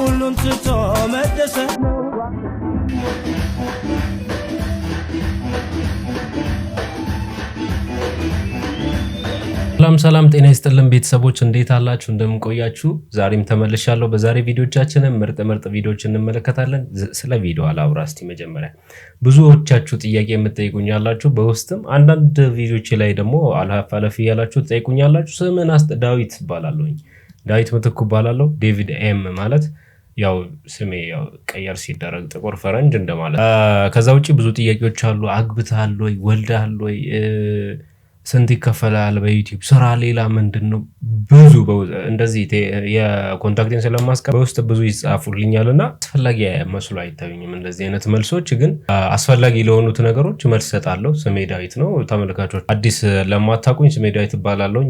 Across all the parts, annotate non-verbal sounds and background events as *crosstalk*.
ሁሉም ትቶ መደሰ ሰላም ሰላም፣ ጤና ይስጥልን ቤተሰቦች እንዴት አላችሁ? እንደምንቆያችሁ ዛሬም ተመልሻለሁ። በዛሬ ቪዲዮቻችንን ምርጥ ምርጥ ቪዲዮች እንመለከታለን። ስለ ቪዲዮ አላውራ እስቲ መጀመሪያ ብዙዎቻችሁ ጥያቄ የምትጠይቁኝ ያላችሁ፣ በውስጥም አንዳንድ ቪዲዮች ላይ ደግሞ አለፍ አለፍ እያላችሁ ትጠይቁኝ ያላችሁ። ስምን አስጥ ዳዊት እባላለሁኝ። ዳዊት ምትኩ እባላለሁ። ዴቪድ ኤም ማለት ያው ስሜ ያው ቀየር ሲደረግ ጥቁር ፈረንጅ እንደማለት። ከዛ ውጭ ብዙ ጥያቄዎች አሉ። አግብተሃል ወይ? ወልደሃል ወይ? ስንት ይከፈላል? በዩቲዩብ ስራ ሌላ ምንድን ነው? ብዙ እንደዚህ የኮንታክቴን ስለማስቀ በውስጥ ብዙ ይጻፉልኛል እና አስፈላጊ መስሎ አይታዩኝም እንደዚህ አይነት መልሶች። ግን አስፈላጊ ለሆኑት ነገሮች መልስ እሰጣለሁ። ስሜ ዳዊት ነው። ተመልካቾች አዲስ ለማታቁኝ ስሜ ዳዊት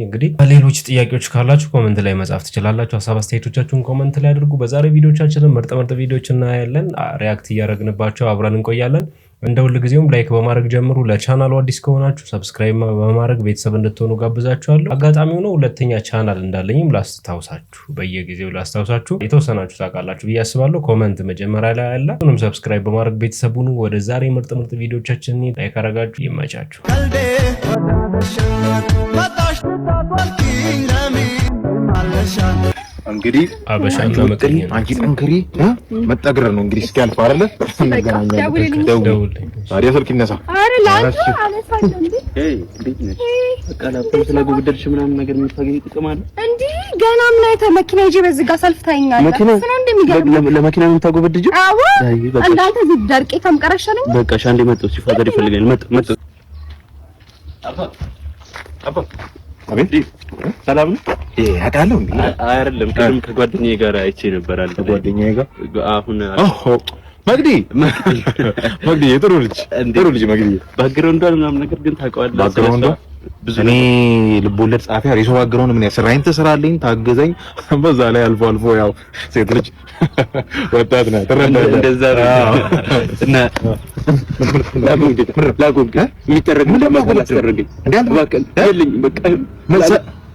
እንግዲህ ሌሎች ጥያቄዎች ካላችሁ ኮመንት ላይ መጻፍ ትችላላችሁ። ሀሳብ አስተያየቶቻችሁን ኮመንት ላይ አድርጉ። በዛሬ ቪዲዮቻችንን ምርጥ ምርጥ ቪዲዮች እናያለን። ሪያክት እያደረግንባቸው አብረን እንቆያለን። እንደ ሁል ጊዜውም ላይክ በማድረግ ጀምሩ። ለቻናሉ አዲስ ከሆናችሁ ሰብስክራይብ በማድረግ ቤተሰብ እንድትሆኑ ጋብዛችኋለሁ። አጋጣሚ ሆኖ ሁለተኛ ቻናል እንዳለኝም ላስታውሳችሁ፣ በየጊዜው ላስታውሳችሁ። የተወሰናችሁ ታውቃላችሁ ብዬ አስባለሁ። ኮመንት መጀመሪያ ላይ አለ። ሁንም ሰብስክራይብ በማድረግ ቤተሰቡኑ ወደ ዛሬ ምርጥ ምርጥ ቪዲዮቻችን ላይክ አረጋችሁ። ይመቻችሁ። እንግዲህ አበሻኛ መቀየር አንቺ ጠንክሪ፣ መጠግር ነው እንግዲህ። እስኪ አልፋ አይደለ ታዲያ ስልክ ይነሳ። ገና ምን አይተህ መኪና ይዤ በዚህ ጋር ሰልፍ ታይኛለህ። ለመኪና ነው የምታጎበድጂው? አዎ እንዳንተ እዚህ ደርቄ ከምቀረሽ በቃ ሻንዴ መጥቶ ሲፋዘር ይፈልጋል። መጥ መጥ አባ አባ አቤት ሰላም ነው እ አውቃለሁ እንዴ አይደለም ቅድም ከጓደኛዬ ጋር አይቼ ነበር አለ ከጓደኛዬ ጋር አሁን መግዲ መግዲ የጥሩ ልጅ ጥሩ ልጅ መግዲ። ባክግራውንዷን ምናምን ነገር ግን ታውቀዋለህ። ባክግራውንዷ እኔ ልቦለድ ጻፊ አሪሶ ባክግራውንድ ምን ያሰራኝ ትስራልኝ፣ ታገዘኝ። በዛ ላይ አልፎ አልፎ ያው ሴት ልጅ *laughs* ወጣት ነህ ትረዳለህ። እንደዛ ነው እና ላጎግ ላጎግ የሚጠረግ ምን ደግሞ ላጎግ እንዴ አልባከል ልኝ በቃ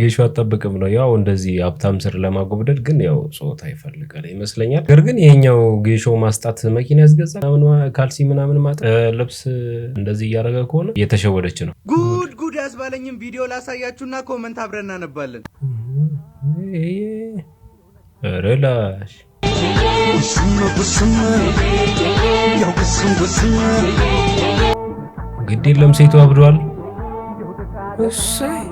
ጌሾ አጠብቅም ነው ያው እንደዚህ ሀብታም ስር ለማጎብደድ ግን ያው ጾታ ይፈልጋል ይመስለኛል። ነገር ግን ይሄኛው ጌሾ ማስጣት መኪና ያስገዛ ካልሲ ምናምን ማጥ ልብስ እንደዚህ እያደረገ ከሆነ እየተሸወደች ነው። ጉድ ጉድ ያስባለኝም ቪዲዮ ላሳያችሁና ኮመንት አብረን እናነባለን። ረላሽ ግድ የለም ሴቱ አብዷል። እሰይ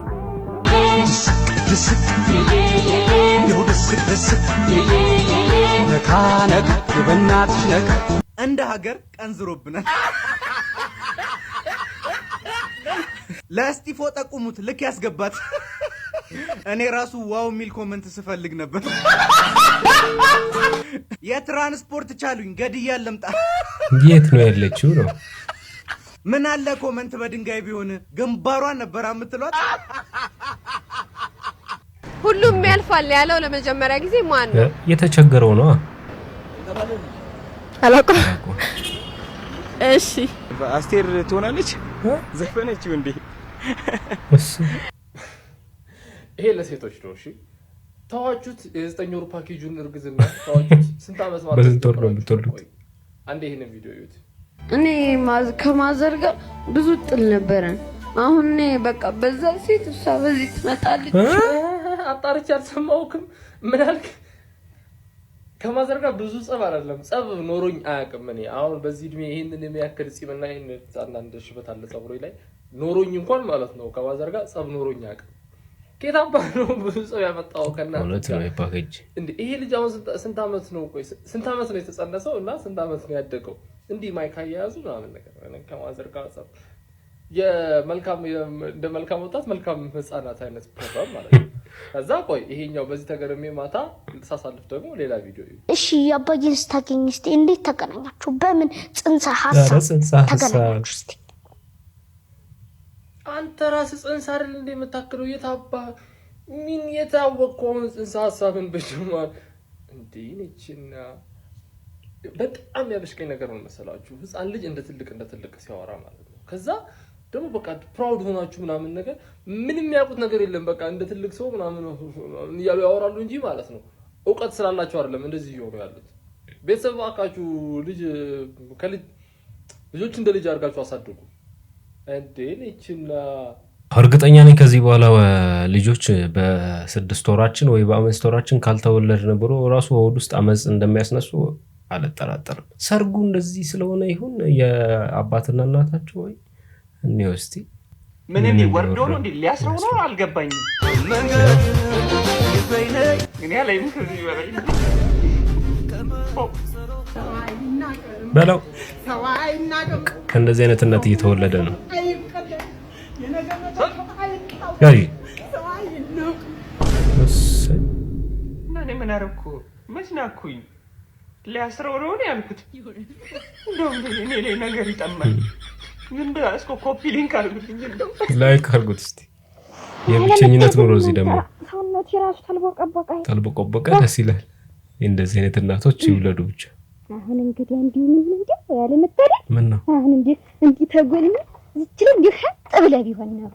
እንደ ሀገር ቀንዝሮብናል። ለእስጢፎ ጠቁሙት ልክ ያስገባት። እኔ ራሱ ዋው የሚል ኮመንት ስፈልግ ነበር። የትራንስፖርት ቻሉኝ ገድያ ለምጣ የት ነው ያለችው ነው ምን አለ ኮመንት በድንጋይ ቢሆን ግንባሯን ነበር የምትሏት። ሁሉም ያልፋል ያለው ለመጀመሪያ ጊዜ ማን ነው? የተቸገረው ነው አላውቅም። እሺ አስቴር ትሆናለች። ዘፈነችው እንዴ? ይሄ ለሴቶች ነው። እሺ ታዋቹት የዘጠኝ ወር ፓኬጁን እርግዝና ታዋቹት ስንት አመት ማለት ነው? አንዴ ይሄንን ቪዲዮ ይዩት። እኔ ከማዘር ጋር ብዙ ጥል ነበረን። አሁን እኔ በቃ በዛ ሴት እሷ በዚህ ትመጣለች። አጣርቼ አልሰማሁክም። ምን አልክ? ከማዘር ጋር ብዙ ጸብ አይደለም ጸብ ኖሮኝ አያውቅም። እኔ አሁን በዚህ እድሜ ይህንን የሚያክል ጺምና ይህን አንዳንድ ሽበት አለ ጸጉሬ ላይ ኖሮኝ እንኳን ማለት ነው ከማዘር ጋር ጸብ ኖሮኝ አያውቅም። ጌታ አባት ነው ብዙ ሰው ያመጣው ከእናት ይሄ ልጅ አሁን ስንት ዓመት ነው ቆይ ስንት ዓመት ነው የተጸነሰው እና ስንት ዓመት ነው ያደገው? እንዲህ ማይክ አያያዙ ምናምን ነገር ከማዘር ጋር ጸብ እንደ መልካም ወጣት መልካም ህፃናት አይነት ፕሮግራም ማለት ነው። ከዛ ቆይ ይሄኛው በዚህ ተገርሜ ማታ ሳሳልፍ ደግሞ ሌላ ቪዲዮ እሺ፣ አባዬን ስታገኝ ስ እንዴት ተገናኛችሁ? በምን ጽንሰ ሀሳብ ተገናኛችሁ? ስ አንተ ራስህ ጽንሰ አይደል እንደ የምታክለው የታባ ሚን የታወቀውን ጽንሰ ሀሳብን በጅማል እንዴ ነችና በጣም ያበሽቀኝ ነገር ነው መሰላችሁ፣ ህፃን ልጅ እንደ ትልቅ እንደ ትልቅ ሲያወራ ማለት ነው። ከዛ ደግሞ በቃ ፕራውድ ሆናችሁ ምናምን ነገር ምንም የሚያውቁት ነገር የለም። በቃ እንደ ትልቅ ሰው ምናምን እያሉ ያወራሉ እንጂ ማለት ነው። እውቀት ስላላቸው አይደለም እንደዚህ እየሆኑ ያሉት። ቤተሰብ አካችሁ ልጅ ከልጅ ልጆች እንደ ልጅ አድርጋችሁ አሳድጉ። እንዴን እርግጠኛ ነኝ ከዚህ በኋላ ልጆች በስድስት ወራችን ወይ በአምስት ወራችን ካልተወለድ ነበሩ ራሱ ሆድ ውስጥ አመፅ እንደሚያስነሱ አልጠራጠርም። ሰርጉ እንደዚህ ስለሆነ ይሁን የአባትና እናታቸው ወይ እኔ ውስቲ ምንም ወርዶ ነው እንዲ ሊያስረው ነው አልገባኝም። በለው ከእንደዚህ አይነት እናት እየተወለደ ነው። ምን አደረኩ? መች ናኩኝ ሊያስረው ነው ያልኩት። እንደውም እኔ ላይ ነገር ይጠማል። ዝም ብላ እስኮ ኮፒ ሊንክ አልኩት ላይክ አርጉት። እስቲ የብቸኝነት ኑሮ እዚህ ደግሞ ሰውነት የራሱ ተልቦቀቦቀ ደስ ይላል። እንደዚህ አይነት እናቶች ይውለዱ ብቻ። አሁን እንግዲህ እንዲሁ ምን እንዲህ ያለ መታደል ምን ነው አሁን እንዲህ እንዲህ ተጎልኝ ዝችል እንዲህ ሸጥ ብለህ ቢሆን ነው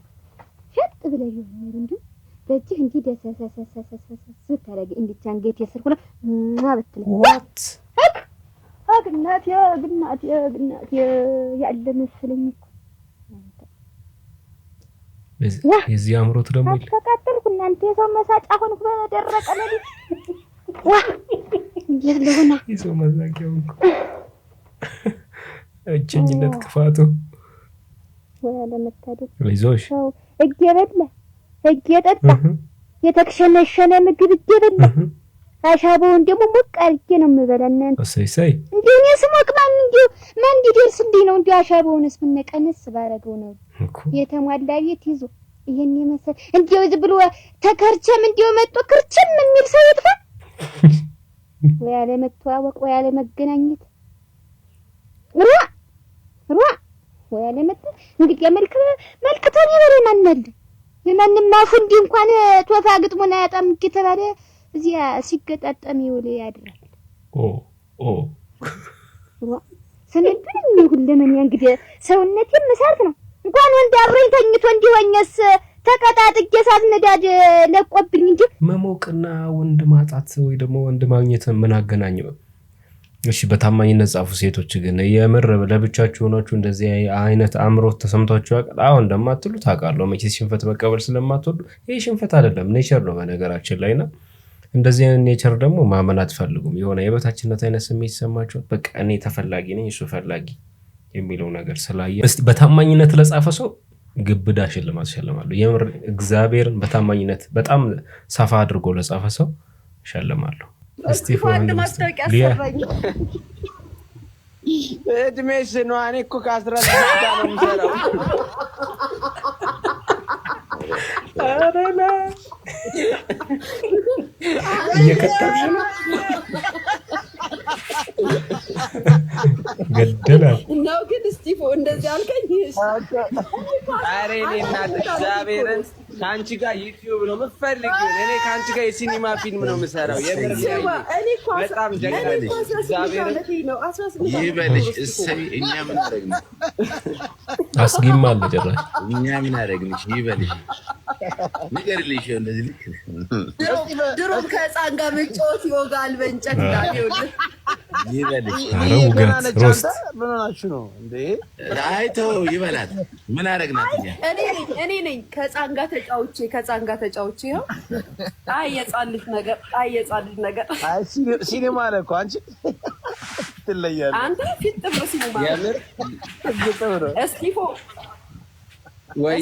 ሸጥ ብለህ ቢሆን ነው እንዲህ በእጅህ እንዲህ ደሰሰሰሰሰሰ ብታደርጊ እንዲቻ እንጌት የስር ሁላ ብትል ዋት ግናት ግናት ግናት ያለ መስለኝ እኮ የዚህ አእምሮት ደግሞ ተቃጠልኩ። እናንተ የሰው መሳጫ ሆንኩ። በደረቀ ለሊት የሰው መሳቂያ ሆንኩ። እቸኝነት ክፋቱ ወይ ይዞሽ እጅ የበላ ህግ የጠጣ የተክሸነሸነ ምግብ እየበላ አሻበውን ደግሞ ሞቅ አድርጌ ነው የምበላ። እናንተ እሰይ እንዴ! እኔ ስሞቅ ማን እንዴ ማን እንዲደርስልኝ ነው እንዴ? አሻበውንስ ብነቀንስ ባረገው ነው የተሟላ ቤት ይዞ ይሄን የመሰል እንዴው ዝም ብሎ ተከርቸም እንዴው መጥቶ ክርችም የሚል ሰው ይጥፋ። *laughs* ወይ ያለ መተዋወቅ፣ ወይ ያለ መገናኘት፣ ሯ ሯ ወይ ያለ መጥ እንግዲህ መልክ መልክቶን የበላይ ማን የማንም አፉ እንዲህ እንኳን ቶፋ ግጥሙን አያጣም እየተባለ እዚያ ሲገጣጠም ይውል ያድራል። ኦ ኦ ስንብኝ ይሁን ለምን እንግዲህ ሰውነቴም እሳት ነው። እንኳን ወንድ አብሮኝ ተኝቶ እንዲሆኝስ ተቀጣጥጌ እሳት ነዳጅ ለቆብኝ እንጂ መሞቅና ወንድ ማጣት ወይ ደግሞ ወንድ ማግኘት ምን አገናኘው? እሺ በታማኝነት ጻፉ። ሴቶች ግን የምር ለብቻችሁ ሆናችሁ እንደዚህ አይነት አእምሮት ተሰምቷችሁ ያውቃል? አሁን እንደማትሉ ታውቃለሁ። መቼ ሽንፈት መቀበል ስለማትወዱ ይህ ሽንፈት አይደለም ኔቸር ነው በነገራችን ላይ ና እንደዚህ አይነት ኔቸር ደግሞ ማመን አትፈልጉም። የሆነ የበታችነት አይነት ስሜት ይሰማችኋል። በቃ እኔ ተፈላጊ ነኝ እሱ ፈላጊ የሚለው ነገር ስላየ በታማኝነት ለጻፈ ሰው ግብዳ ሽልማት እሸልማለሁ። የምር እግዚአብሔርን በታማኝነት በጣም ሰፋ አድርጎ ለጻፈ ሰው ሸልማለሁ። እስቲፋን ማስታወቂያ አሰራኝ። እድሜሽ ነው። እኔ እኮ ከአስራ ስድስት ነው የምሰራው። እየከተብሽ ነው ገደላል ነው ግን እስጢፎ እንደዚህ አልከኝ። ኧረ እኔ እናት እግዚአብሔርን ከአንቺ ጋር ዩቲዩብ ነው የምትፈልጊው። እኔ ከአንቺ ጋር የሲኒማ ፊልም ነው የምሰራው። በጣም ይበልሽ። እሰይ እኛ ምን አደረግን? አስጊም አለ ጭራሽ እኛ ምን አደረግንሽ? ይበልሽ። ንገሪልሽ እንደዚህ ልክ ድሮም ከህፃን ጋር መጫወት ይወጋል በእንጨት ጋር ይበላት። ምን አደረግናት? እኔ ነኝ ከህፃን ጋር ተጫውቼ ከህፃን ጋር ተጫውቼ ይኸው። አይ የህፃን ልጅ ነገር፣ አይ የህፃን ልጅ ነገር። ሲኒማ አለ እኮ አንቺ ትለያለሽ። አንተ ፊት ጥብሮ ሲኒማ እስኪፎ ወይ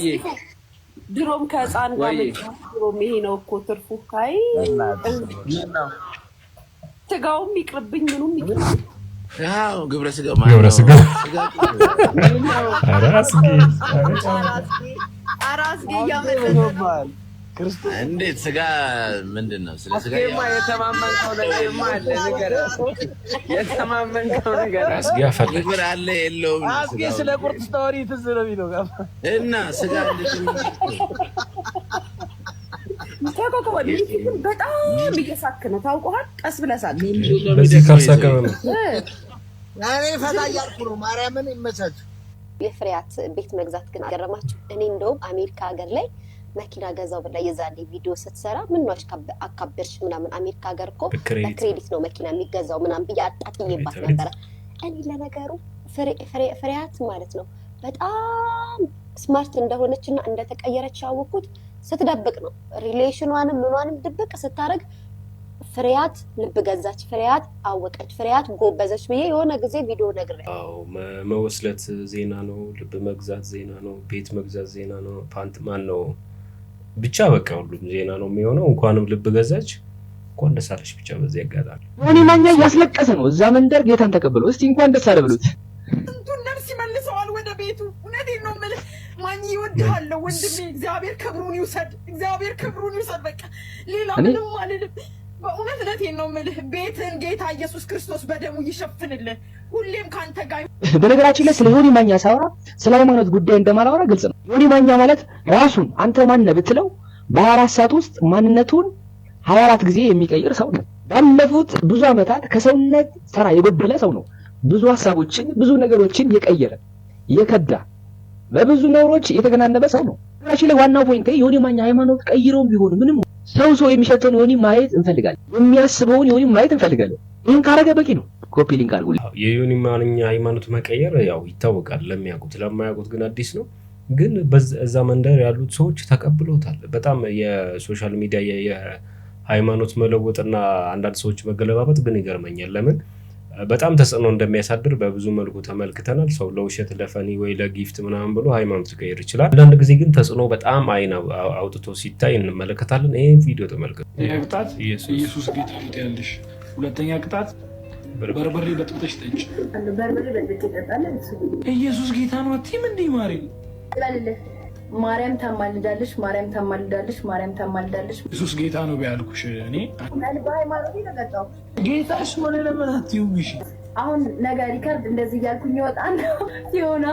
ድሮም ከህፃን ጋር ድሮም ይሄ ነው እኮ ትርፉ። አይ ስጋውም ይቅርብኝ ምኑም ይቅርብኝ። ግብረ ስጋ ግብረ ስጋ *laughs* እንዴት ስጋ ምንድን ነው? ስለ ስጋ የተማመንከው አለ የለውም? ስለ ቁርጥ ስታወሪ ትዝ ነው የሚለው እና ስጋ በጣም ታውቀዋል። ቀስ በዚህ ነው ፈታ እያልኩ ነው። ማርያምን ይመቻች። የፍሬያት ቤት መግዛት ግን አገረማችሁ። እኔ እንደውም አሜሪካ ሀገር ላይ መኪና ገዛው ብላ የዛኔ ቪዲዮ ስትሰራ ምን ነው አካበርሽ ምናምን። አሜሪካ ሀገር እኮ በክሬዲት ነው መኪና የሚገዛው ምናምን ብዬ አጣጥዬባት ነበረ። እኔ ለነገሩ ፍሬያት ማለት ነው በጣም ስማርት እንደሆነች እና እንደተቀየረች ያወኩት ስትደብቅ ነው። ሪሌሽኗንም ምኗንም ድብቅ ስታደርግ ፍሬያት ልብ ገዛች፣ ፍሬያት አወቀች፣ ፍሬያት ጎበዘች ብዬ የሆነ ጊዜ ቪዲዮ ነግሬያለሁ። መወስለት ዜና ነው፣ ልብ መግዛት ዜና ነው፣ ቤት መግዛት ዜና ነው፣ ፓንት ማን ነው ብቻ በቃ ሁሉም ዜና ነው የሚሆነው። እንኳንም ልብ ገዛች፣ እንኳን ደስ አለሽ ብቻ። በዚህ ያጋጣል ሆኔ ማኛ እያስለቀሰ ነው እዛ መንደር ጌታን ተቀበለው። እስቲ እንኳን ደስ አለ ብሉት። ስንቱን ነፍስ ይመልሰዋል ወደ ቤቱ። እውነቴን ነው ማኝ ይወድሃለሁ ወንድሜ። እግዚአብሔር ክብሩን ይውሰድ፣ እግዚአብሔር ክብሩን ይውሰድ። በቃ ሌላ ምንም አልልም። በእውነት እውነቴን ነው የምልህ። ቤትን ጌታ ኢየሱስ ክርስቶስ በደሙ ይሸፍንልህ፣ ሁሌም ከአንተ ጋር። በነገራችን ላይ ስለ ዮኒ ማኛ ሳወራ ስለ ሃይማኖት ጉዳይ እንደማላወራ ግልጽ ነው። ዮኒ ማኛ ማለት ራሱን አንተ ማነህ ብትለው በሀያ አራት ሰዓት ውስጥ ማንነቱን ሀያ አራት ጊዜ የሚቀይር ሰው ነው። ባለፉት ብዙ ዓመታት ከሰውነት ተራ የጎደለ ሰው ነው። ብዙ ሀሳቦችን ብዙ ነገሮችን የቀየረ የከዳ በብዙ ነውሮች የተገናነበ ሰው ነው። ራሽ ላይ ዋናው ፖይንት የዮኒ ማኛ ሃይማኖት ቀይረውም ቢሆን ምንም ሰው ሰው የሚሸተውን ዮኒ ማየት እንፈልጋለን። የሚያስበውን ዮኒ ማየት እንፈልጋለን። ይህን ካረገ በቂ ነው። ኮፒ ሊንክ አድርጉ። የዮኒ ማኛ ሃይማኖት መቀየር ያው ይታወቃል። ለሚያውቁት ለማያውቁት ግን አዲስ ነው። ግን እዛ መንደር ያሉት ሰዎች ተቀብለውታል። በጣም የሶሻል ሚዲያ የሃይማኖት መለወጥና አንዳንድ ሰዎች መገለባበጥ ግን ይገርመኛል ለምን በጣም ተጽዕኖ እንደሚያሳድር በብዙ መልኩ ተመልክተናል። ሰው ለውሸት ለፈኒ ወይ ለጊፍት ምናምን ብሎ ሃይማኖት ሊቀይር ይችላል። አንዳንድ ጊዜ ግን ተጽዕኖ በጣም አይን አውጥቶ ሲታይ እንመለከታለን። ይህ ቪዲዮ ተመልከቱ። ቅጣት ኢየሱስ ጌታ ፊት ያለሽ። ሁለተኛ ቅጣት በርበሬ በጥብጠሽ ጠጭ። ኢየሱስ ጌታ ነው። ቲም እንዲህ ማሪ ማርያም ታማልዳለች፣ ማርያም ታማልዳለች፣ ማርያም ታማልዳለች። ኢየሱስ ጌታ ነው ቢያልኩሽ እኔ በሃይማኖት ተቀጣሁ። ጌታሽ ሆነ ለምን አትዩሽ? አሁን ነገ ሪከርድ እንደዚህ እያልኩኝ ይወጣል ሲሆነ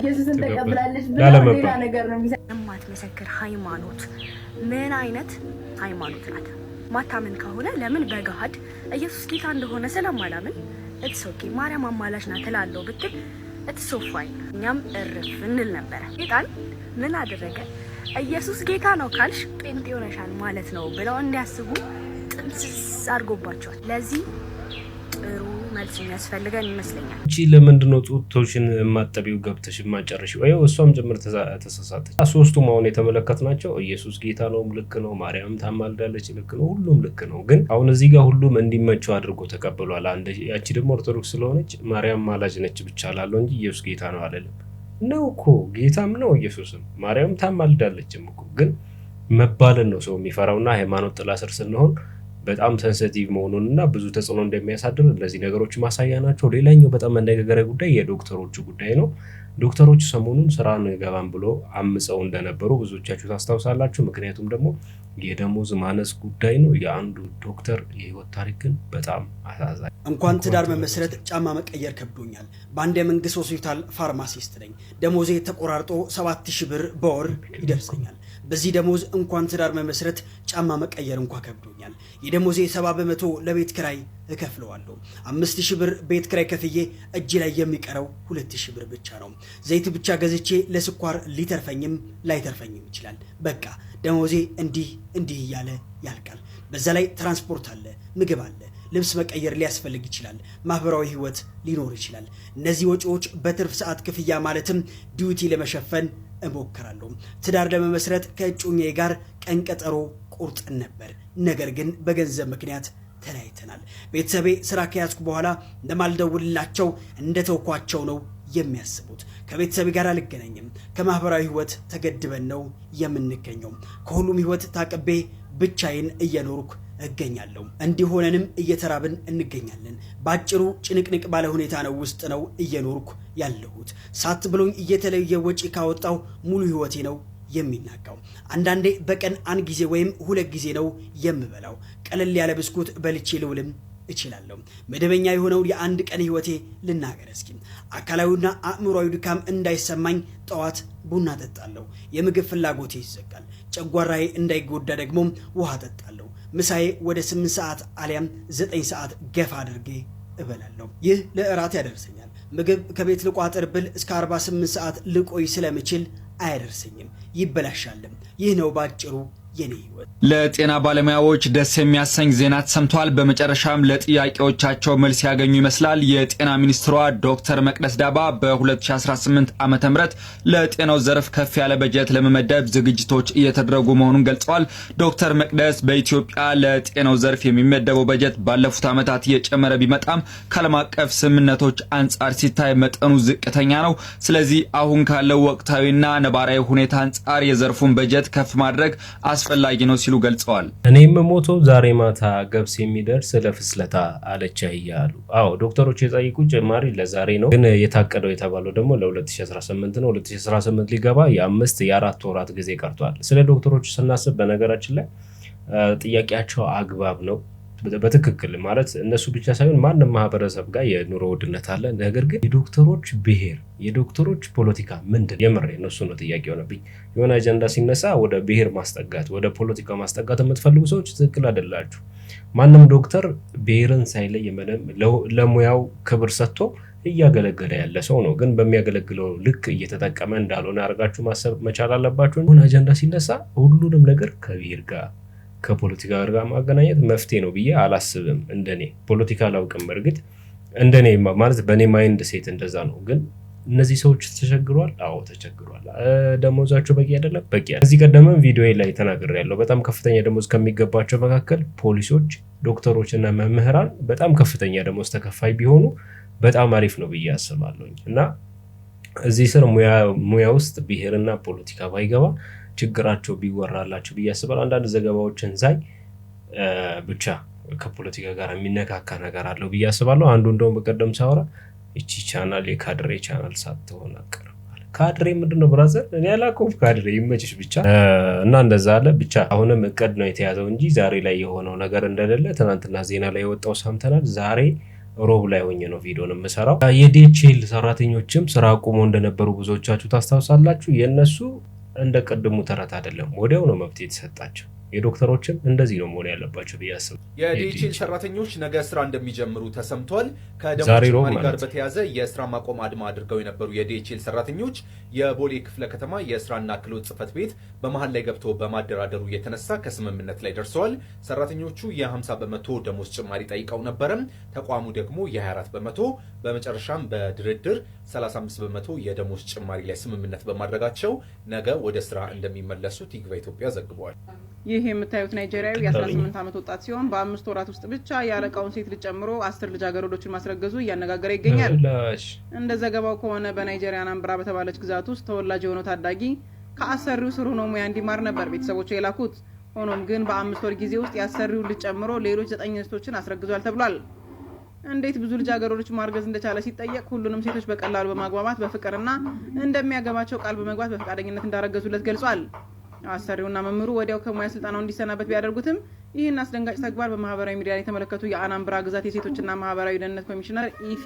ኢየሱስን ተቀብላለች ብለው ሌላ ነገር ነው የማትመሰክር ሃይማኖት ምን አይነት ሃይማኖት ናት? ማታምን ከሆነ ለምን በገሃድ ኢየሱስ ጌታ እንደሆነ ስለማላምን እትስ ኦኬ ማርያም አማላጅ ናት እላለሁ ብትል እትሶፋይ እኛም እርፍ እንል ነበረ። ጌታን ምን አደረገ? ኢየሱስ ጌታ ነው ካልሽ ጴንጤ ሆነሻል ማለት ነው ብለው እንዲያስቡ ጥምስስ አድርጎባቸዋል። ለዚህ ጥሩ መልስ የሚያስፈልገን ይመስለኛል። እቺ ጡቶችን የማጠቢው ገብተሽ የማጨርሽው? ወይ እሷም ጭምር ተሳሳተች። ሶስቱም አሁን ናቸው። ኢየሱስ ጌታ ነው፣ ልክ ነው። ማርያም ታማልዳለች፣ ልክ ነው። ሁሉም ልክ ነው። ግን አሁን እዚህ ጋር ሁሉም እንዲመቸው አድርጎ ተቀብሏል። ያቺ ደግሞ ኦርቶዶክስ ስለሆነች ማርያም ማላጅ ነች ብቻ ላለው እንጂ ኢየሱስ ጌታ ነው አለልም ነው እኮ ጌታም ነው ኢየሱስም። ማርያም ታማልዳለችም እኮ ግን መባልን ነው ሰው የሚፈራውና ሃይማኖት ጥላ ስር ስንሆን በጣም ሰንስቲቭ መሆኑን እና ብዙ ተጽዕኖ እንደሚያሳድር እነዚህ ነገሮች ማሳያ ናቸው። ሌላኛው በጣም መነጋገሪያ ጉዳይ የዶክተሮቹ ጉዳይ ነው። ዶክተሮች ሰሞኑን ስራ ንገባን ብሎ አምፀው እንደነበሩ ብዙዎቻችሁ ታስታውሳላችሁ። ምክንያቱም ደግሞ የደሞዝ ማነስ ጉዳይ ነው የአንዱ ዶክተር የህይወት ታሪክ ግን በጣም አሳዛኝ። እንኳን ትዳር መመስረት ጫማ መቀየር ከብዶኛል። በአንድ የመንግስት ሆስፒታል ፋርማሲስት ነኝ። ደሞዜ ተቆራርጦ ሰባት ሺህ ብር በወር ይደርሰኛል። በዚህ ደሞዝ እንኳን ትዳር መመስረት ጫማ መቀየር እንኳ ከብዶኛል። የደሞዜ ሰባ በመቶ ለቤት ክራይ እከፍለዋለሁ። አምስት ሺህ ብር ቤት ክራይ ከፍዬ እጅ ላይ የሚቀረው ሁለት ሺህ ብር ብቻ ነው። ዘይት ብቻ ገዝቼ ለስኳር ሊተርፈኝም ላይተርፈኝም ይችላል። በቃ ደሞዜ እንዲህ እንዲህ እያለ ያልቃል። በዛ ላይ ትራንስፖርት አለ፣ ምግብ አለ፣ ልብስ መቀየር ሊያስፈልግ ይችላል፣ ማህበራዊ ህይወት ሊኖር ይችላል። እነዚህ ወጪዎች በትርፍ ሰዓት ክፍያ ማለትም ዲዩቲ ለመሸፈን እሞክራለሁ። ትዳር ለመመስረት ከእጮኛዬ ጋር ቀን ቀጠሮ ቁርጥን ነበር፣ ነገር ግን በገንዘብ ምክንያት ተለያይተናል። ቤተሰቤ ስራ ከያዝኩ በኋላ እንደማልደውልላቸው እንደተውኳቸው ነው የሚያስቡት። ከቤተሰቤ ጋር አልገናኝም። ከማህበራዊ ህይወት ተገድበን ነው የምንገኘው። ከሁሉም ህይወት ታቅቤ ብቻዬን እየኖርኩ እገኛለሁ። እንዲሆነንም እየተራብን እንገኛለን። በአጭሩ ጭንቅንቅ ባለ ሁኔታ ነው ውስጥ ነው እየኖርኩ ያለሁት። ሳት ብሎኝ እየተለየ ወጪ ካወጣው ሙሉ ህይወቴ ነው የሚናቀው። አንዳንዴ በቀን አንድ ጊዜ ወይም ሁለት ጊዜ ነው የምበላው። ቀለል ያለ ብስኩት በልቼ ልውልም እችላለሁ። መደበኛ የሆነውን የአንድ ቀን ህይወቴ ልናገር እስኪ። አካላዊና አእምሯዊ ድካም እንዳይሰማኝ ጠዋት ቡና ጠጣለሁ። የምግብ ፍላጎቴ ይዘጋል። ጨጓራዬ እንዳይጎዳ ደግሞ ውሃ ጠጣለሁ። ምሳዬ ወደ ስምንት ሰዓት አሊያም ዘጠኝ ሰዓት ገፋ አድርጌ እበላለሁ። ይህ ለእራት ያደርሰኛል። ምግብ ከቤት ልቋጥር ብል እስከ 48 ሰዓት ልቆይ ስለምችል አያደርሰኝም፣ ይበላሻልም። ይህ ነው ባጭሩ የኔ ህይወት። ለጤና ባለሙያዎች ደስ የሚያሰኝ ዜና ተሰምቷል። በመጨረሻም ለጥያቄዎቻቸው መልስ ያገኙ ይመስላል። የጤና ሚኒስትሯ ዶክተር መቅደስ ዳባ በ2018 ዓ ም ለጤናው ዘርፍ ከፍ ያለ በጀት ለመመደብ ዝግጅቶች እየተደረጉ መሆኑን ገልጸዋል። ዶክተር መቅደስ በኢትዮጵያ ለጤናው ዘርፍ የሚመደበው በጀት ባለፉት ዓመታት እየጨመረ ቢመጣም ከዓለም አቀፍ ስምምነቶች አንጻር ሲታይ መጠኑ ዝቅተኛ ነው። ስለዚህ አሁን ካለው ወቅታዊና ነባራዊ ሁኔታ አንጻር የዘርፉን በጀት ከፍ ማድረግ አስፈ አስፈላጊ ነው ሲሉ ገልጸዋል። እኔ የምሞተው ዛሬ ማታ ገብስ የሚደርስ ለፍስለታ አለች አህያ አሉ። አዎ ዶክተሮች የጠይቁት ጭማሪ ለዛሬ ነው፣ ግን የታቀደው የተባለው ደግሞ ለ2018 ነው። 2018 ሊገባ የአምስት የአራት ወራት ጊዜ ቀርቷል። ስለ ዶክተሮች ስናስብ በነገራችን ላይ ጥያቄያቸው አግባብ ነው በትክክል ማለት እነሱ ብቻ ሳይሆን ማንም ማህበረሰብ ጋር የኑሮ ውድነት አለ። ነገር ግን የዶክተሮች ብሄር የዶክተሮች ፖለቲካ ምንድን የምር እነሱ ነው ጥያቄ ሆነብኝ። የሆነ አጀንዳ ሲነሳ ወደ ብሔር ማስጠጋት፣ ወደ ፖለቲካ ማስጠጋት የምትፈልጉ ሰዎች ትክክል አይደላችሁ። ማንም ዶክተር ብሔርን ሳይለይ ለሙያው ክብር ሰጥቶ እያገለገለ ያለ ሰው ነው። ግን በሚያገለግለው ልክ እየተጠቀመ እንዳልሆነ አድርጋችሁ ማሰብ መቻል አለባችሁ። የሆነ አጀንዳ ሲነሳ ሁሉንም ነገር ከብሄር ጋር ከፖለቲካ ጋር ማገናኘት መፍትሄ ነው ብዬ አላስብም። እንደኔ ፖለቲካ አላውቅም። በእርግጥ እንደኔ ማለት በእኔ ማይንድ ሴት እንደዛ ነው። ግን እነዚህ ሰዎች ተቸግሯል። አዎ ተቸግሯል። ደሞዛቸው በቂ አይደለም። በቂ ከዚህ ቀደምም ቪዲዮ ላይ ተናግሬያለሁ። በጣም ከፍተኛ ደሞዝ ከሚገባቸው መካከል ፖሊሶች፣ ዶክተሮች እና መምህራን በጣም ከፍተኛ ደሞዝ ተከፋይ ቢሆኑ በጣም አሪፍ ነው ብዬ አስባለሁኝ እና እዚህ ስር ሙያ ውስጥ ብሔርና ፖለቲካ ባይገባ ችግራቸው ቢወራላቸው ብዬ አስባለሁ። አንዳንድ ዘገባዎችን ሳይ ብቻ ከፖለቲካ ጋር የሚነካካ ነገር አለው ብዬ አስባለሁ። አንዱ እንደውም በቀደም ሳወራ እቺ ቻናል የካድሬ ቻናል ሳትሆን አቀርም ካድሬ ምንድን ነው ብራዘር? እኔ ካድሬ ይመችሽ ብቻ እና እንደዛ አለ ብቻ። አሁንም እቅድ ነው የተያዘው እንጂ ዛሬ ላይ የሆነው ነገር እንደሌለ ትናንትና ዜና ላይ የወጣው ሰምተናል። ዛሬ ሮብ ላይ ሆኜ ነው ቪዲዮን የምሰራው። የዲኤችኤል ሰራተኞችም ስራ አቁሞ እንደነበሩ ብዙዎቻችሁ ታስታውሳላችሁ። የእነሱ እንደ ቅድሙ ተረት አይደለም፣ ወዲያው ነው መብት የተሰጣቸው። የዶክተሮችም እንደዚህ ነው መሆን ያለባቸው ብዬ አስባለሁ። የዲኤችኤል ሰራተኞች ነገ ስራ እንደሚጀምሩ ተሰምቷል። ከደሞዝ ጭማሪ ጋር በተያዘ የስራ ማቆም አድማ አድርገው የነበሩ የዲኤችኤል ሰራተኞች የቦሌ ክፍለ ከተማ የስራና ክህሎት ጽሕፈት ቤት በመሀል ላይ ገብቶ በማደራደሩ የተነሳ ከስምምነት ላይ ደርሰዋል። ሰራተኞቹ የ50 በመቶ ደሞዝ ጭማሪ ጠይቀው ነበረም። ተቋሙ ደግሞ የ24 በመቶ በመጨረሻም በድርድር 35 በመቶ የደሞዝ ጭማሪ ላይ ስምምነት በማድረጋቸው ነገ ወደ ስራ እንደሚመለሱ ቲግቫ ኢትዮጵያ ዘግቧል። ይህ የምታዩት ናይጄሪያዊ የ18 ዓመት ወጣት ሲሆን በአምስት ወራት ውስጥ ብቻ የአለቃውን ሴት ልጅ ጨምሮ አስር ልጃገረዶችን ማስረገዙ እያነጋገረ ይገኛል። እንደ ዘገባው ከሆነ በናይጄሪያ አንብራ በተባለች ግዛት ውስጥ ተወላጅ የሆነው ታዳጊ ከአሰሪው ስር ሆኖ ሙያ እንዲማር ነበር ቤተሰቦቹ የላኩት። ሆኖም ግን በአምስት ወር ጊዜ ውስጥ የአሰሪውን ልጅ ጨምሮ ሌሎች ዘጠኝ እንስቶችን አስረግዟል ተብሏል። እንዴት ብዙ ልጃገረዶች ማርገዝ እንደቻለ ሲጠየቅ ሁሉንም ሴቶች በቀላሉ በማግባባት በፍቅርና እንደሚያገባቸው ቃል በመግባት በፈቃደኝነት እንዳረገዙለት ገልጿል። አሰሪውና መምህሩ ወዲያው ከሙያ ስልጠናው እንዲሰናበት ቢያደርጉትም ይህን አስደንጋጭ ተግባር በማህበራዊ ሚዲያ ላይ የተመለከቱ የአናምብራ ግዛት የሴቶችና ማህበራዊ ደህንነት ኮሚሽነር ኢፊ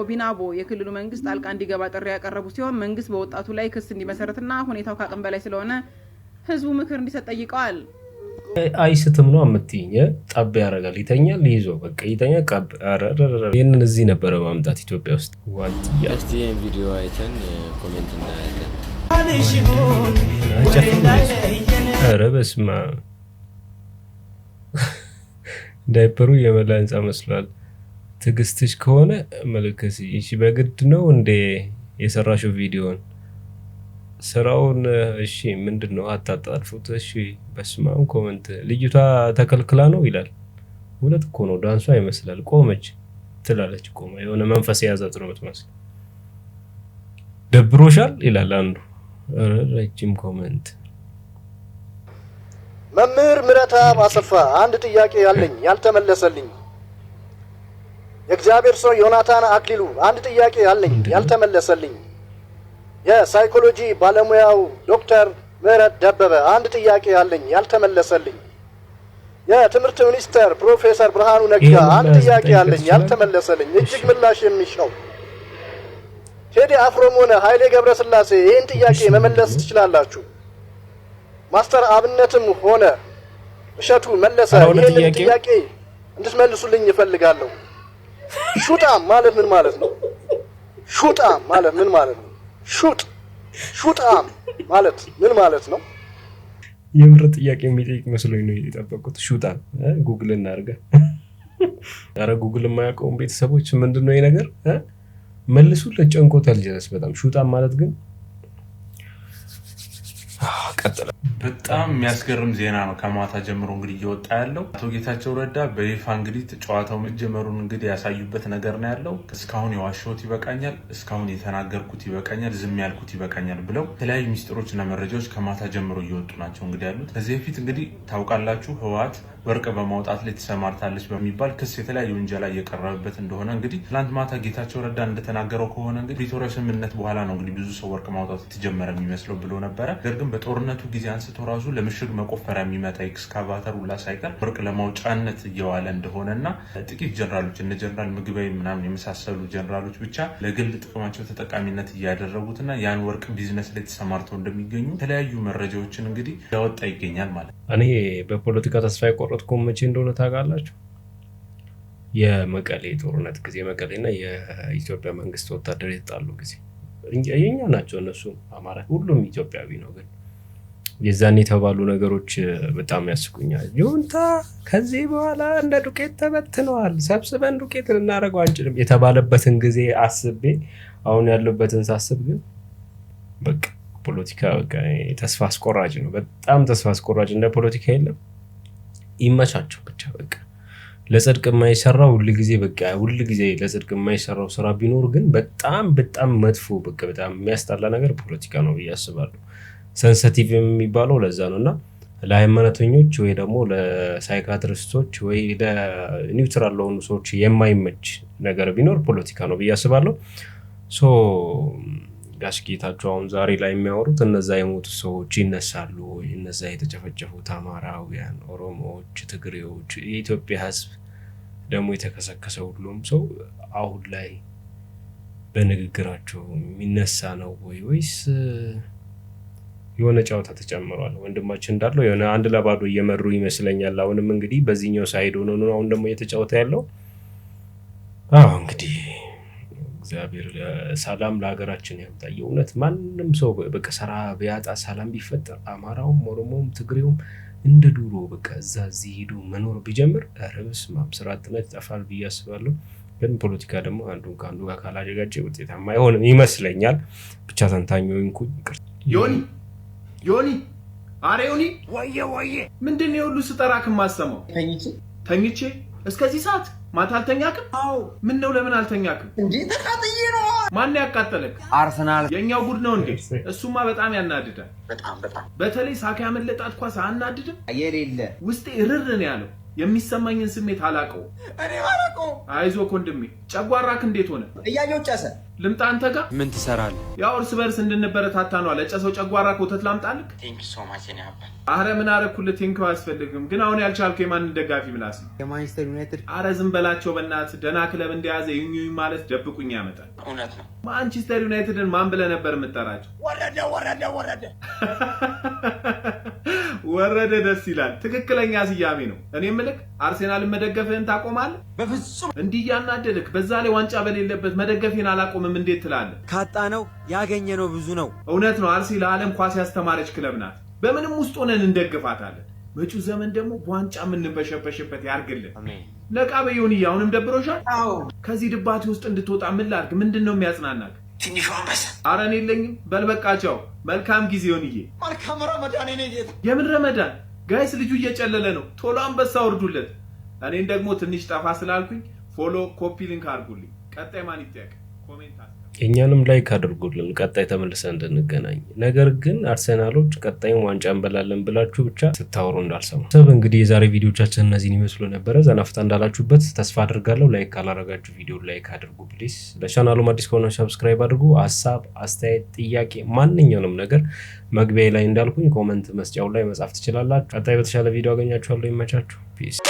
ኦቢናቦ የክልሉ መንግስት ጣልቃ እንዲገባ ጥሪ ያቀረቡ ሲሆን መንግስት በወጣቱ ላይ ክስ እንዲመሰረትና ሁኔታው ከአቅም በላይ ስለሆነ ህዝቡ ምክር እንዲሰጥ ጠይቀዋል። አይ ስትም ነው የምትይኝ? ጣብ ያደርጋል፣ ይተኛል፣ ይዞ በቃ ይተኛል። ቀብ ይህንን እዚህ ነበረ ማምጣት ኢትዮጵያ ውስጥ ዋንትያ ቪዲዮ አይተን ኮሜንት እናያለን። ኧረ በስመ አብ ዳይፐሩ የመላ ህንፃ መስሏል። ትዕግስትሽ ከሆነ መልከሲ። እሺ፣ በግድ ነው እንዴ የሰራሽው ቪዲዮን? ስራውን እሺ፣ ምንድን ነው አታጣልፉት። እሺ፣ በስመ አብ ኮመንት። ልጅቷ ተከልክላ ነው ይላል። ሁለት እኮ ነው ዳንሷ ይመስላል። ቆመች ትላለች። ቆመ የሆነ መንፈስ የያዛት ነው የምትመስል። ደብሮሻል ይላል አንዱ ረጅም ኮመንት። መምህር ምረታ አሰፋ፣ አንድ ጥያቄ ያለኝ ያልተመለሰልኝ። የእግዚአብሔር ሰው ዮናታን አክሊሉ፣ አንድ ጥያቄ ያለኝ ያልተመለሰልኝ። የሳይኮሎጂ ባለሙያው ዶክተር ምህረት ደበበ፣ አንድ ጥያቄ ያለኝ ያልተመለሰልኝ። የትምህርት ሚኒስተር ፕሮፌሰር ብርሃኑ ነጋ፣ አንድ ጥያቄ ያለኝ ያልተመለሰልኝ፣ እጅግ ምላሽ የሚሻው ቴዲ አፍሮም ሆነ ኃይሌ ገብረስላሴ ይህን ጥያቄ መመለስ ትችላላችሁ። ማስተር አብነትም ሆነ እሸቱ መለሰ ይህንን ጥያቄ እንድትመልሱልኝ እፈልጋለሁ። ሹጣም ማለት ምን ማለት ነው? ሹጣም ማለት ምን ማለት ነው? ሹጥ ሹጣም ማለት ምን ማለት ነው? የምር ጥያቄ የሚጠይቅ መስሎኝ ነው የጠበቁት። ሹጣም ጉግል እናድርገ። ኧረ ጉግል የማያውቀውን ቤተሰቦች ምንድን ነው ይህ ነገር? መልሱለት። ጨንቆታል። ጀለስ በጣም ሹጣን ማለት ግን ቀጥለ በጣም የሚያስገርም ዜና ነው። ከማታ ጀምሮ እንግዲህ እየወጣ ያለው አቶ ጌታቸው ረዳ በይፋ እንግዲህ ጨዋታው መጀመሩን እንግዲህ ያሳዩበት ነገር ነው ያለው። እስካሁን የዋሸሁት ይበቃኛል፣ እስካሁን የተናገርኩት ይበቃኛል፣ ዝም ያልኩት ይበቃኛል ብለው የተለያዩ ሚስጥሮች እና መረጃዎች ከማታ ጀምሮ እየወጡ ናቸው እንግዲህ ያሉት። ከዚህ በፊት እንግዲህ ታውቃላችሁ ህወሓት ወርቅ በማውጣት ላይ ተሰማርታለች በሚባል ክስ የተለያዩ ውንጀላ እየቀረበበት እንደሆነ እንግዲህ ትላንት ማታ ጌታቸው ረዳ እንደተናገረው ከሆነ እንግዲህ ፕሪቶሪያው ስምምነት በኋላ ነው እንግዲህ ብዙ ሰው ወርቅ ማውጣት የተጀመረ የሚመስለው ብሎ ነበረ። ነገር ግን በጦርነቱ ጊዜ አንስቶ ራሱ ለምሽግ መቆፈሪያ የሚመጣ ኤክስካቫተር ሁላ ሳይቀር ወርቅ ለማውጫነት እየዋለ እንደሆነ እና ጥቂት ጀነራሎች እነ ጀነራል ምግበይ ምናምን የመሳሰሉ ጀነራሎች ብቻ ለግል ጥቅማቸው ተጠቃሚነት እያደረጉትና ያን ወርቅ ቢዝነስ ላይ ተሰማርተው እንደሚገኙ የተለያዩ መረጃዎችን እንግዲህ ያወጣ ይገኛል ማለት ነው። እኔ በፖለቲካ ተስፋ ያቋረጥኩም መቼ እንደሆነ ታውቃላችሁ? የመቀሌ ጦርነት ጊዜ መቀሌና የኢትዮጵያ መንግስት ወታደር የተጣሉ ጊዜ የኛ ናቸው እነሱ አማራ፣ ሁሉም ኢትዮጵያዊ ነው። ግን የዛን የተባሉ ነገሮች በጣም ያስጉኛል። ጁንታ ከዚህ በኋላ እንደ ዱቄት ተበትነዋል፣ ሰብስበን ዱቄት ልናደርገው አንችልም የተባለበትን ጊዜ አስቤ አሁን ያለበትን ሳስብ ግን በቃ ፖለቲካ ተስፋ አስቆራጭ ነው። በጣም ተስፋ አስቆራጭ እንደ ፖለቲካ የለም። ይመቻቸው ብቻ በቃ ለጽድቅ የማይሰራ ሁል ጊዜ በቃ ሁል ጊዜ ለጽድቅ የማይሰራው ስራ ቢኖር ግን በጣም በጣም መጥፎ በቃ በጣም የሚያስጠላ ነገር ፖለቲካ ነው ብዬ አስባለሁ። ሰንሰቲቭ የሚባለው ለዛ ነው እና ለሃይማኖተኞች ወይ ደግሞ ለሳይካትሪስቶች ወይ ለኒውትራል ለሆኑ ሰዎች የማይመች ነገር ቢኖር ፖለቲካ ነው ብዬ አስባለሁ ጌታቸው አሁን ዛሬ ላይ የሚያወሩት እነዛ የሞቱ ሰዎች ይነሳሉ ወይ? እነዛ የተጨፈጨፉት አማራውያን፣ ኦሮሞዎች፣ ትግሬዎች፣ የኢትዮጵያ ሕዝብ ደግሞ የተከሰከሰ ሁሉም ሰው አሁን ላይ በንግግራቸው የሚነሳ ነው ወይ ወይስ የሆነ ጨዋታ ተጨምሯል? ወንድማችን እንዳለው የሆነ አንድ ለባዶ እየመሩ ይመስለኛል። አሁንም እንግዲህ በዚህኛው ሳይድ ሆኖ አሁን ደግሞ እየተጫወተ ያለው አዎ እንግዲህ እግዚአብሔር ሰላም ለሀገራችን ያምጣ። የእውነት ማንም ሰው በቃ ስራ ቢያጣ ሰላም ቢፈጠር አማራውም፣ ኦሮሞውም፣ ትግሬውም እንደ ዱሮ በቃ እዛ እዚህ ሄዶ መኖር ቢጀምር ርብስ ስራ አጥነት ይጠፋል ብዬ አስባለሁ። ግን ፖለቲካ ደግሞ አንዱን ከአንዱ ጋር ካላጀጋጀ ውጤታማ አይሆንም ይመስለኛል። ብቻ ተንታኝ ሆንኩኝ። ዮኒ ዮኒ፣ አረ ዮኒ፣ ወየ ወየ፣ ምንድን የሁሉ ስጠራክ ማሰማው ተኝቼ ተኝቼ እስከዚህ ሰዓት ማታ አልተኛክም? አዎ። ምን ነው ለምን አልተኛክም? እንዴ ተቃጥዬ ነው። ማን ያቃጠለክ? አርሰናል የኛው ጉድ ነው እንዴ? እሱማ በጣም ያናድዳል። በጣም በጣም በተለይ ሳካ ያመለጣት ኳስ አናድድም። የሌለ ውስጤ ርር ነው ያለው። የሚሰማኝን ስሜት አላቀው። እኔ አላቀው። አይዞህ ወንድሜ። ጨጓራክ እንዴት ሆነ? እያየው ጨሰ ልምጣ አንተ ጋር ምን ትሰራለህ? ያው እርስ በርስ እንድንበረታታ ነው። አለጨ ሰው ጨጓራ ኮተት ላምጣልህ? ቴንክ ሶ ማች ነው አባ። አረ ምን አረኩልህ? ቴንክ አያስፈልግም። ግን አሁን ያልቻልከው የማንን ደጋፊ ምላስ ነው? የማንቸስተር ዩናይትድ። አረ ዝም በላቸው በእናትህ። ደህና ክለብ እንደያዘ ዩኒዩ ማለት ደብቁኝ ያመጣል። እውነት ነው። ማንቸስተር ዩናይትድን ማን ብለህ ነበር የምጠራቸው? ወረደ ወረደ ወረደ *laughs* ወረደ። ደስ ይላል። ትክክለኛ ስያሜ ነው። እኔ ምልክ አርሴናልን መደገፍህን ታቆማለህ? በፍጹም እንዲህ እያናደድክ፣ በዛ ላይ ዋንጫ በሌለበት መደገፌን አላቆምም አታስብም እንዴት ትላለህ? ካጣነው ያገኘነው ብዙ ነው። እውነት ነው። አርሲ ለዓለም ኳስ ያስተማረች ክለብ ናት። በምንም ውስጥ ሆነን እንደግፋታለን። መጪው ዘመን ደግሞ በዋንጫ የምንበሸበሽበት ያርግልን። ነቃ በየሆንዬ፣ አሁንም ደብሮሻል? አዎ። ከዚህ ድባቴ ውስጥ እንድትወጣ ምን ላድርግ? ምንድን ነው የሚያጽናናክ? ትንሿ አንበሳ። እኔ የለኝም። በል መልካም ጊዜ ይሆንዬ። መልካም ረመዳን። ኔ የምን ረመዳን ጋይስ? ልጁ እየጨለለ ነው። ቶሎ አንበሳ ወርዱለት። እኔን ደግሞ ትንሽ ጠፋ ስላልኩኝ ፎሎ ኮፒ ሊንክ አድርጉልኝ። ቀጣይ ማን ይጠያቅ? እኛንም ላይክ አድርጉልን ቀጣይ ተመልሰን እንድንገናኝ። ነገር ግን አርሰናሎች ቀጣይም ዋንጫ እንበላለን ብላችሁ ብቻ ስታወሩ እንዳልሰሙ ሰብ። እንግዲህ የዛሬ ቪዲዮቻችን እነዚህን ይመስሉ ነበረ። ዘናፍታ እንዳላችሁበት ተስፋ አድርጋለሁ። ላይክ ካላረጋችሁ ቪዲዮ ላይክ አድርጉ ፕሊስ። ለቻናሉም አዲስ ከሆነ ሰብስክራይብ አድርጉ። ሀሳብ፣ አስተያየት፣ ጥያቄ፣ ማንኛውንም ነገር መግቢያ ላይ እንዳልኩኝ ኮመንት መስጫው ላይ መጻፍ ትችላላችሁ። ቀጣይ በተሻለ ቪዲዮ አገኛችኋለሁ። ይመቻችሁ። ፒስ